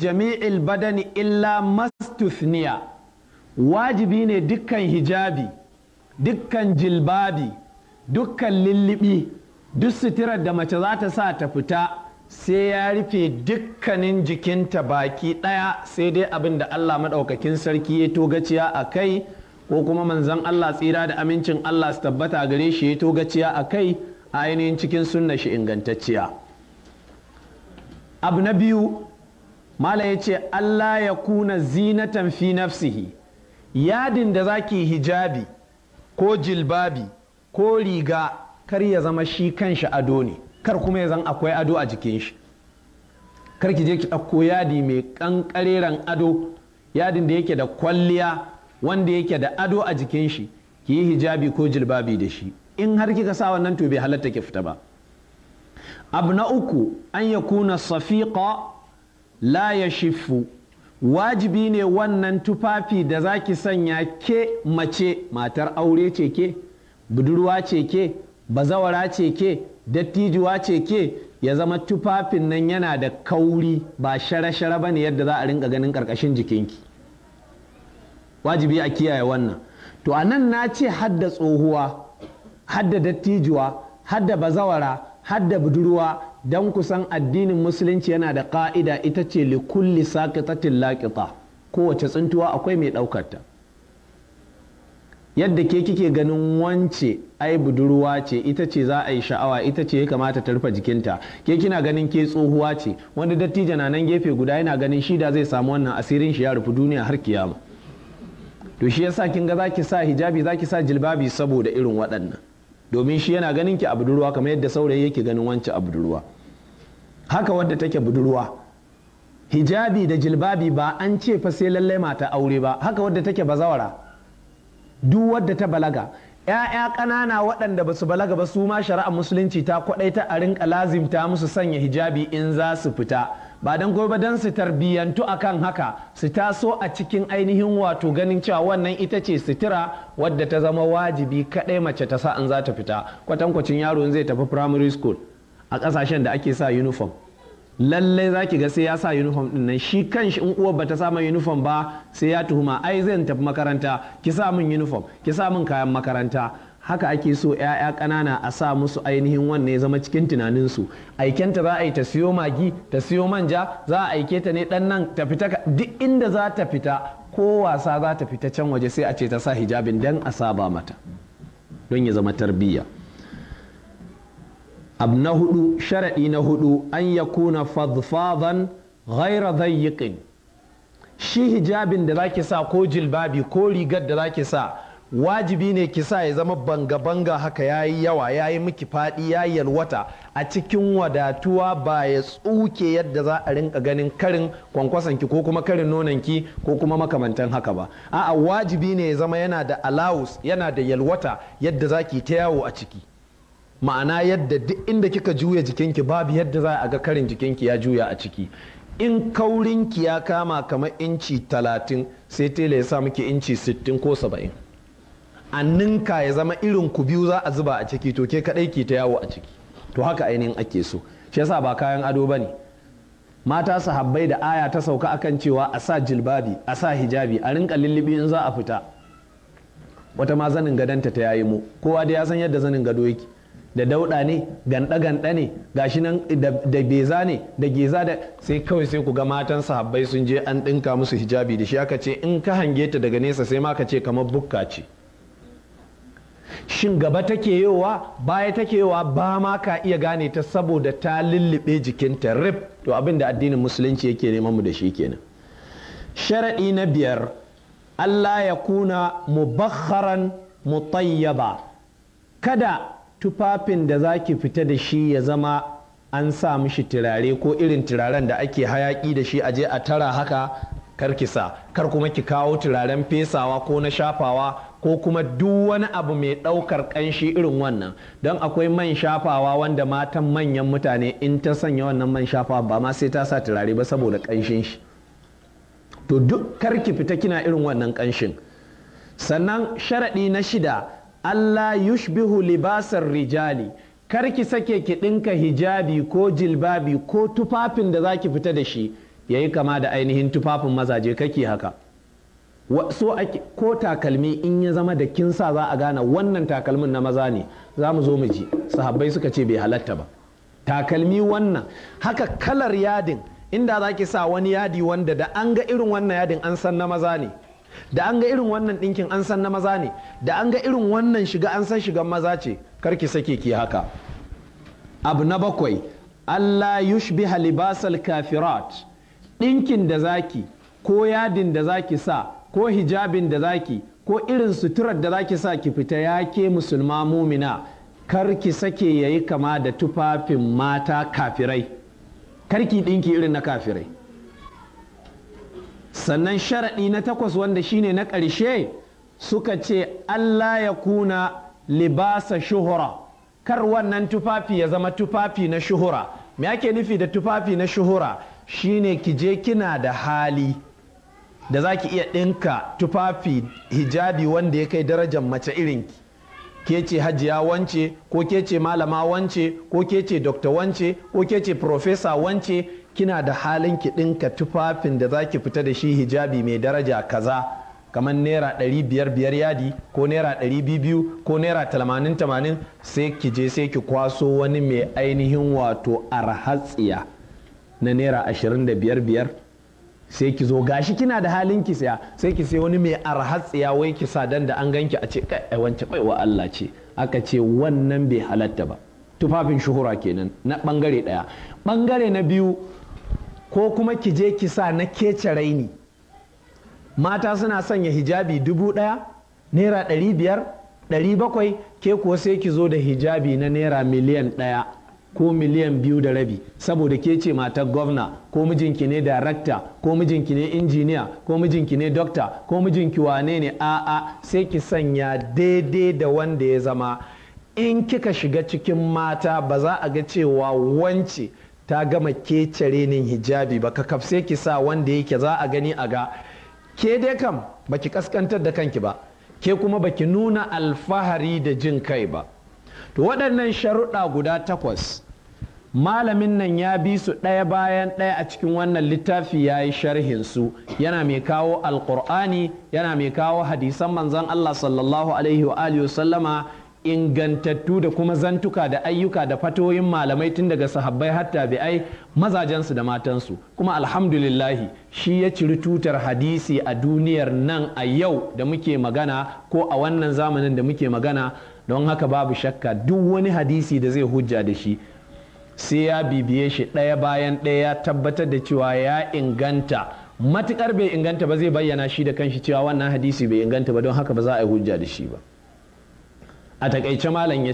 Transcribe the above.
jami'il badani illa mastuthniya wajibi ne dukkan hijabi dukkan jilbabi dukkan lullubi duk suturar da mace za ta sa ta fita sai ya rufe dukkanin jikinta baki ɗaya sai dai abin da Allah maɗaukakin sarki ya togaciya a kai ko kuma manzan Allah tsira da amincin Allah su tabbata gare shi ya togaciya a kai a ainihin cikin sunna shi ingantacciya abu na biyu mala ya ce allah ya kuna zinatan fi nafsihi yadin da zaki hijabi ko jilbabi ko riga kar ya zama shi kanshi ado ne kar kuma ya zan akwai ado a jikin shi kar ki je ki ɗauko yadi mai ƙanƙareren ado yadin da yake da kwalliya wanda yake da ado a jikin shi ki yi hijabi ko jilbabi da shi in har kika sa wannan to bai halatta ki fita ba abu na uku an ya kuna Safiqa. la ya shifu wajibi ne wannan tufafi da zaki sanya ke mace matar aure ce ke budurwa ce ke bazawara ce ke dattijuwa ce ke ya zama tufafin nan yana da kauri ba shara-shara ba ne yadda za a rinka ganin ƙarƙashin jikinki wajibi a kiyaye wannan to a nan na ce hadda tsohuwa hadda dattijuwa hadda bazawara hadda budurwa don kusan addinin musulunci yana da ka'ida ita ce likulli saƙitatin laƙita kowace tsintuwa akwai mai ɗaukarta yadda ke kike ganin wance ai budurwa ce ita ce za a yi sha'awa ita ce ya kamata ta rufe jikinta ke kina ganin ke tsohuwa ce wanda dattijo na nan gefe guda yana ganin shi da zai samu wannan asirin shi ya rufe duniya har kiyama to shi yasa kin ga zaki sa hijabi zaki sa jilbabi saboda irin waɗannan domin shi yana ganin ki a budurwa kamar yadda saurayi yake ganin wancan a budurwa haka wadda take budurwa hijabi da jilbabi ba an ce fa sai lallai mata aure ba haka wadda take bazawara duk wadda ta balaga ‘ya'ya ƙanana waɗanda ba su balaga ba su ma shari'a musulunci ta kwaɗaita a rinka lazimta musu sanya hijabi in za su fita ba don gobe don su tarbiyyantu kan haka su taso a cikin ainihin wato ganin cewa wannan ita ce sutura wadda ta zama wajibi kaɗai mace ta sa in za ta fita kwatankwacin yaro zai tafi primary school a ƙasashen da ake sa uniform lallai za ki ga sai ya sa uniform din nan shi kan shi in uwar bata sa mai uniform ba sai ya tuhuma ai zan tafi makaranta ki sa min uniform ki sa min kayan makaranta haka ake so 'ya'ya ƙanana a sa musu ainihin wannan ya zama cikin tunaninsu aikenta za a yi ta siyo magi ta siyo manja za a aike ta ne ɗan nan ta fita duk inda za ta fita ko wasa za ta fita can waje sai a ce ta sa hijabin dan a saba mata don ya zama tarbiyya abu na hudu sharaɗi na hudu an ya kuna fadfadan ghaira zayyiƙin shi hijabin da zaki sa ko jilbabi ko rigar da zaki sa wajibi ne kisa ya zama banga-banga haka ya yi yawa ya yi miki faɗi ya yi yalwata a cikin wadatuwa ba ya tsuke yadda za a rinka ganin karin kwankwasanki ko kuma karin nonanki ko kuma makamantan haka ba a'a wajibi ne ya zama yana da alawus yana da yalwata yadda za ki ta yawo a ciki ma'ana yadda duk inda kika juya jikinki babu yadda za a ga karin jikinki ya juya a ciki in kaurinki ya kama kamar inci talatin sai tela ya sa muke inci sittin ko saba'in a ninka ya zama irin ku biyu za a zuba a ciki to ke kadai ke ta yawo a ciki to haka ainihin ake so shi yasa ba kayan ado ba ne mata sahabbai da aya ta sauka akan cewa a sa jilbabi a sa hijabi a rinka lullubi in za a fita wata ma zanin gadonta ta yayi mu kowa da ya san yadda zanin gado yake da dauda ne ganda ganda ne gashi nan da beza ne da geza da sai kawai sai ku ga matan sahabbai sun je an dinka musu hijabi da shi aka ce in ka hange ta daga nesa sai ma ka ce kamar bukka ce shin gaba take yowa baya take yowa ba ma ka iya gane ta saboda ta lullube jikinta rib to abin da addinin musulunci yake neman mu da shi kenan sharaɗi na biyar Allah ya kuna mubakharan mutayyaba kada tufafin da zaki fita da shi ya zama an sa mishi turare ko irin turaren da ake hayaki da shi aje a tara haka kar ki sa kar kuma ki kawo turaren fesawa ko na shafawa ko kuma duk wani abu mai ɗaukar ƙanshi irin wannan don akwai man shafawa wanda matan manyan mutane in ta sanya wannan man shafawa ba ma sai ta sa turare ba saboda ƙanshin shi to duk kar ki fita kina irin wannan ƙanshin sannan sharaɗi na shida allah yushbihu libasar rijali kar ki sake ki ɗinka hijabi ko jilbabi ko tufafin da za ki fita da shi ya yi kama da ainihin tufafin mazaje kake haka so ko takalmi in ya zama da kin sa za a gane wannan takalmin na maza ne za mu zo mu ji sahabbai suka ce bai halatta ba takalmi wannan haka kalar yadin inda za ki sa wani yadi wanda da an ga irin wannan yadin an san na maza ne da an ga irin wannan ɗinkin an san na maza ne da an ga irin wannan shiga an san shigan maza ce karki sake ki haka abu na bakwai allah yushbiha libasal kafirat ɗinkin da zaki ko yadin da zaki sa ko hijabin da zaki ko irin suturar da zaki sa ki fita ya ke musulma mumina kar ki sake yi kama da tufafin mata kafirai karki ɗinki irin na kafirai sannan sharaɗi na takwas wanda shine na ƙarshe suka ce Allah ya kuna libasa shuhura kar wannan tufafi ya zama tufafi na shuhura me ake nufi da tufafi na shuhura shine ki je kina da hali da za ki iya ɗinka tufafi hijabi wanda ya kai darajar mace irinki ke ce hajiya wance ko ke ce malama wance ko ke ce dokta wance ko ke ce profesa wance kina da halin ki ɗinka tufafin da za ki fita da shi hijabi mai daraja kaza kamar naira ɗari biyar yadi ko naira ɗari ko naira 80 tamanin sai ki je sai ki kwaso wani mai ainihin wato arhatsiya na naira ashirin da biyar biyar sai ki zo gashi kina da halin ki saya sai ki sai wani mai arhatsiya wai ki sa dan da an ganki a ce kai wance baiwa Allah ce aka ce wannan bai halatta ba tufafin shuhura kenan na bangare daya bangare na biyu ko kuma ki je ki sa na kece raini mata suna sanya hijabi dubu daya naira dari biyar dari bakwai ke kuwa sai ki zo da hijabi na naira miliyan daya. ko miliyan biyu da rabi saboda ke ce matar gwamna ko mijinki ne darakta ko mijinki ne injiniya ko mijinki ne dokta ko mijinki wane ne a'a sai ki sanya daidai da wanda ya zama in kika shiga cikin mata ba za a ga cewa wance ta gama kecere nin hijabi ba ka kafse ki sa wanda yake za a gani a ga ke dai kam baki kaskantar da kanki ba ke kuma baki nuna alfahari da jin kai ba to waɗannan sharuɗa guda takwas malamin nan ya bi su ɗaya bayan ɗaya a cikin wannan littafi ya yi sharhin su yana mai kawo alƙur'ani yana mai kawo hadisan manzan Allah sallallahu alaihi wa alihi sallama ingantattu da kuma zantuka da ayyuka da fatoyin malamai tun daga sahabbai hatta bi'ai mazajensu da matansu kuma alhamdulillahi shi ya ciri tutar hadisi a duniyar nan a yau da muke magana ko a wannan zamanin da muke magana don haka babu shakka duk wani hadisi da zai hujja da shi sai ya bibiye shi ɗaya bayan ɗaya ya tabbatar da cewa ya inganta matukar bai inganta ba zai bayyana shi da kanshi cewa wannan hadisi bai inganta ba don haka ba za a yi hujja da shi ba a takaice malam ya